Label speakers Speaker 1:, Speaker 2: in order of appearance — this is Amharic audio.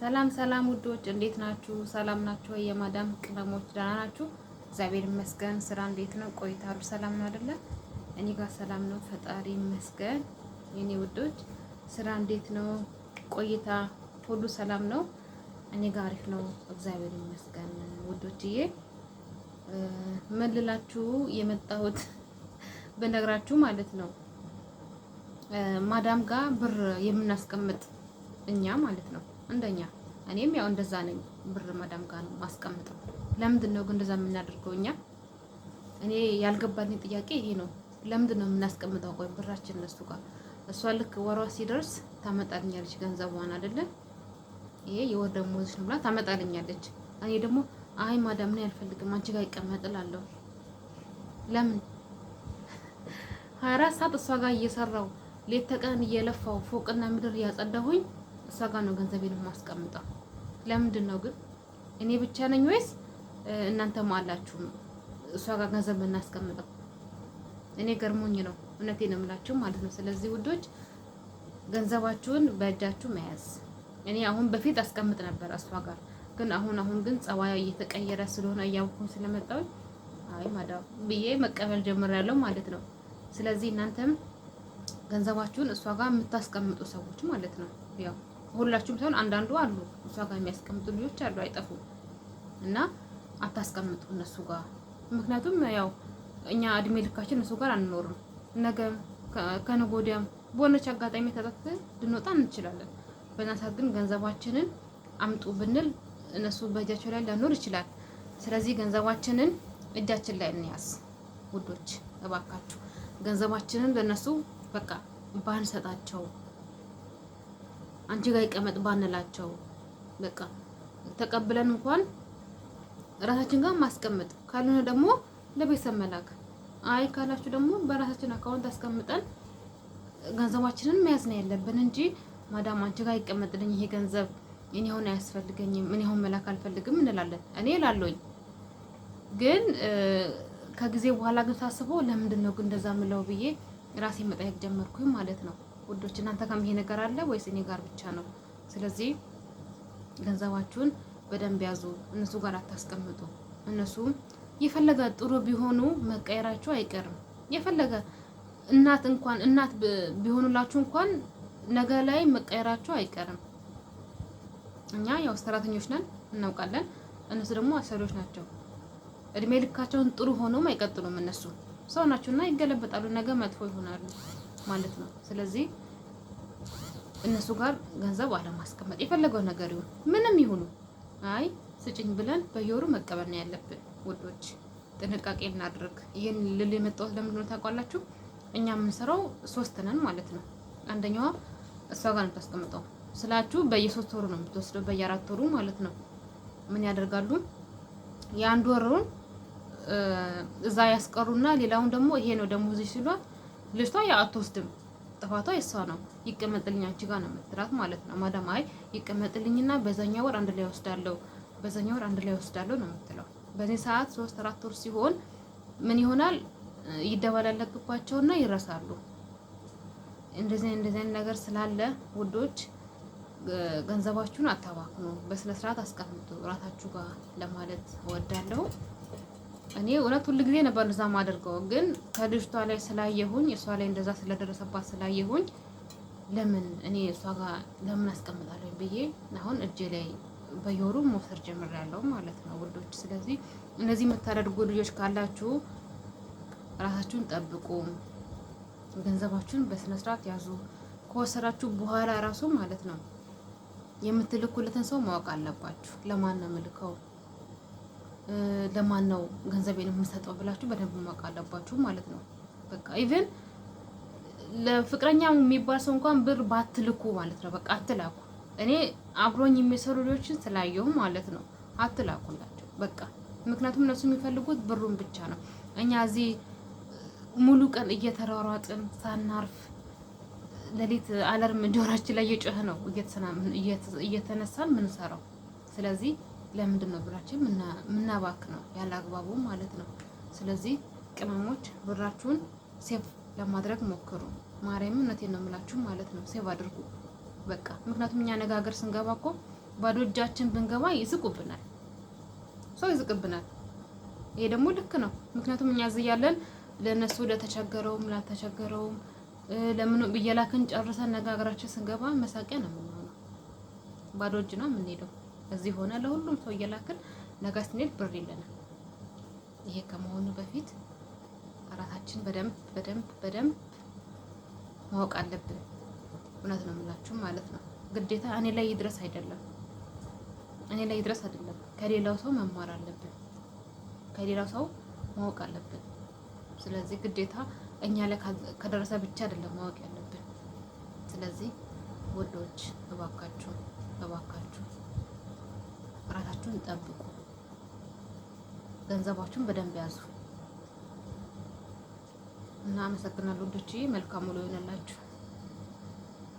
Speaker 1: ሰላም ሰላም ውዶች እንዴት ናችሁ? ሰላም ናችሁ? የማዳም ቅመሞች ደህና ናችሁ? እግዚአብሔር ይመስገን። ስራ እንዴት ነው? ቆይታ ሰላም ነው አይደለ? እኔ ጋር ሰላም ነው፣ ፈጣሪ ይመስገን። የኔ ውዶች ስራ እንዴት ነው? ቆይታ ሁሉ ሰላም ነው? እኔ ጋር አሪፍ ነው፣ እግዚአብሔር ይመስገን። ውዶችዬ መልላችሁ የመጣሁት በነግራችሁ ማለት ነው ማዳም ጋር ብር የምናስቀምጥ እኛ ማለት ነው እንደኛ እኔም ያው እንደዛ ነኝ። ብር መዳም ጋር ነው ማስቀምጠው። ለምንድን ነው ግን እንደዛ የምናደርገው እኛ? እኔ ያልገባኝ ጥያቄ ይሄ ነው። ለምንድን ነው የምናስቀምጠው? ቆይ ብራችን እነሱ ጋር እሷ ልክ ወሯ ሲደርስ ታመጣልኛለች ገንዘቧን አይደለ? ይሄ የወር ደመወዝሽ ነው ብላ ታመጣልኛለች። እኔ ደግሞ አይ ማዳም ነው አልፈልግም፣ አንቺ ጋር ይቀመጥላለሁ። ለምን ሀያ አራት ሰዓት እሷ ጋር እየሰራው ሌት ተቀን እየለፋው ፎቅና ምድር እያጸዳሁኝ እሷ ጋር ነው ገንዘቤን የማስቀምጠው። ለምንድን ነው ግን እኔ ብቻ ነኝ ወይስ እናንተም አላችሁም? እሷ ጋር ገንዘብ የምናስቀምጠው እኔ ገርሞኝ ነው። እውነቴን ነው ማለት ነው። ስለዚህ ውዶች ገንዘባችሁን በእጃችሁ መያዝ። እኔ አሁን በፊት አስቀምጥ ነበር እሷ ጋር ግን አሁን አሁን ግን ጸባያ እየተቀየረ ስለሆነ እያወኩኝ ስለመጣሁ አይ ማዳ ብዬ መቀበል ጀምሬያለሁ ማለት ነው። ስለዚህ እናንተም ገንዘባችሁን እሷ ጋር የምታስቀምጡ ሰዎች ማለት ነው ያው ሁላችሁም ሳይሆን አንዳንዱ አሉ እሷ ጋር የሚያስቀምጡ ልጆች አሉ፣ አይጠፉም። እና አታስቀምጡ እነሱ ጋር ምክንያቱም ያው እኛ እድሜ ልካችን እነሱ ጋር አንኖርም። ነገም ከነገ ወዲያም በሆነች አጋጣሚ ተጠቅተን ልንወጣ እንችላለን። በዛ ሰዓት ግን ገንዘባችንን አምጡ ብንል እነሱ በእጃቸው ላይ ላኖር ይችላል። ስለዚህ ገንዘባችንን እጃችን ላይ እንያዝ ውዶች፣ እባካችሁ ገንዘባችንን ለእነሱ በቃ ባንሰጣቸው አንቺ ጋር ይቀመጥ ባንላቸው በቃ ተቀብለን እንኳን ራሳችን ጋር ማስቀመጥ ካልሆነ ደግሞ ለቤተሰብ መላክ አይ ካላችሁ ደግሞ በራሳችን አካውንት አስቀምጠን ገንዘባችንን መያዝ ነው ያለብን እንጂ ማዳም አንቺ ጋር ይቀመጥልኝ ይሄ ገንዘብ እኔ አሁን አያስፈልገኝም እኔ አሁን መላክ አልፈልግም እንላለን። እኔ ላለኝ ግን ከጊዜ በኋላ ግን ሳስበው ለምንድን ነው ግን እንደዛ ምለው ብዬ ራሴ መጠየቅ ጀመርኩኝ ማለት ነው። ውዶች እናንተ ጋርም ይሄ ነገር አለ ወይስ እኔ ጋር ብቻ ነው? ስለዚህ ገንዘባችሁን በደንብ ያዙ፣ እነሱ ጋር አታስቀምጡ። እነሱ የፈለገ ጥሩ ቢሆኑ መቀየራችሁ አይቀርም። የፈለገ እናት እንኳን እናት ቢሆኑላችሁ እንኳን ነገ ላይ መቀየራችሁ አይቀርም። እኛ ያው ሰራተኞች ነን እናውቃለን። እነሱ ደግሞ አሰሪዎች ናቸው። እድሜ ልካቸውን ጥሩ ሆኖም አይቀጥሉም። እነሱ ሰው ናቸውና ይገለበጣሉ። ነገ መጥፎ ይሆናሉ። ማለት ነው። ስለዚህ እነሱ ጋር ገንዘብ አለማስቀመጥ የፈለገው ነገር ይሁን ምንም ይሁኑ፣ አይ ስጭኝ ብለን በየወሩ መቀበል ነው ያለብን። ውዶች ጥንቃቄ እናድርግ። ይህን ልል የመጣሁት ለምንድን ነው ታውቃላችሁ? እኛ የምንሰራው ሶስት ነን ማለት ነው። አንደኛዋ እሷ ጋር ነው የምታስቀምጠው ስላችሁ በየሶስት ወሩ ነው የምትወስደው፣ በየአራት ወሩ ማለት ነው። ምን ያደርጋሉ? የአንድ ወሩን እዛ ያስቀሩና ሌላውን ደግሞ ይሄ ነው ደሞዝሽ ሲሏል ልጅቷ አትወስድም። ጥፋቷ የሷ ነው። ይቀመጥልኝ አንቺ ጋር ነው የምትላት ማለት ነው። ማዳም አይ ይቀመጥልኝና በዛኛ ወር አንድ ላይ ወስዳለሁ፣ በዛኛ ወር አንድ ላይ ወስዳለሁ ነው የምትለው። በዚህ ሰዓት ሶስት አራት ወር ሲሆን ምን ይሆናል? ይደባላለቅባቸውና ይረሳሉ። እንደዚህ እንደዚህ ነገር ስላለ ውዶች ገንዘባችሁን አታባክኑ፣ በስነ ስርዓት አስቀምጡ ራታችሁ ጋር ለማለት እወዳለሁ። እኔ እውነት ሁል ጊዜ ነበር እንደዛ ማደርገው፣ ግን ከልጅቷ ላይ ስላየሁኝ እሷ ላይ እንደዛ ስለደረሰባት ስላየሁኝ ለምን እኔ እሷ ጋር ለምን አስቀምጣለሁ ብዬ አሁን እጄ ላይ በየወሩ መውሰድ ጀምሬያለሁ ማለት ነው ውዶች። ስለዚህ እነዚህ የምታደርጉ ልጆች ካላችሁ ራሳችሁን ጠብቁ፣ ገንዘባችሁን በስነ ስርዓት ያዙ። ከወሰዳችሁ በኋላ ራሱ ማለት ነው የምትልኩለትን ሰው ማወቅ አለባችሁ። ለማን ነው የምልከው ለማን ነው ገንዘቤን የምሰጠው ብላችሁ በደንብ ማወቅ አለባችሁ ማለት ነው። በቃ ኢቨን ለፍቅረኛ የሚባል ሰው እንኳን ብር ባትልኩ ማለት ነው። በቃ አትላኩ። እኔ አብሮኝ የሚሰሩ ልጆችን ስላየሁ ማለት ነው አትላኩላቸው። በቃ ምክንያቱም እነሱ የሚፈልጉት ብሩን ብቻ ነው። እኛ እዚህ ሙሉ ቀን እየተሯሯጥን ሳናርፍ ሌሊት አለርም ጆሮአችን ላይ እየጮኸ ነው እየተነሳን ምንሰራው። ስለዚህ ለምንድን ነው ብራችን ምናባክ ነው ያለ አግባቡ ማለት ነው። ስለዚህ ቅመሞች ብራችሁን ሴቭ ለማድረግ ሞክሩ። ማርያም እውነቴን ነው የምላችሁ ማለት ነው። ሴቭ አድርጉ በቃ። ምክንያቱም እኛ ነገ ሀገር ስንገባ እኮ ባዶ እጃችን ብንገባ ይዝቁብናል፣ ሰው ይዝቅብናል። ይሄ ደግሞ ልክ ነው። ምክንያቱም እኛ እዚህ ያለን ለእነሱ ለተቸገረውም ላልተቸገረውም ለምኑ ብየላክን ጨርሰን ነጋገራችን ስንገባ መሳቂያ ነው የምንሆነው። ባዶ እጅ ነው የምንሄደው። እዚህ ሆነ ለሁሉም ሰው እየላክን ነጋ ስንሄድ ብር ይለናል። ይሄ ከመሆኑ በፊት ራሳችን በደንብ በደንብ በደንብ ማወቅ አለብን። እውነት ነው የምላችሁ ማለት ነው። ግዴታ እኔ ላይ ይድረስ አይደለም፣ እኔ ላይ ይድረስ አይደለም። ከሌላው ሰው መማር አለብን፣ ከሌላው ሰው ማወቅ አለብን። ስለዚህ ግዴታ እኛ ላይ ከደረሰ ብቻ አይደለም ማወቅ ያለብን። ስለዚህ ወዶች እባካችሁ እባካችሁ ራሳችሁን ጠብቁ። ገንዘባችሁን በደንብ ያዙ እና አመሰግናለሁ። ልጆቼ መልካም ውሎ ይሆንላችሁ።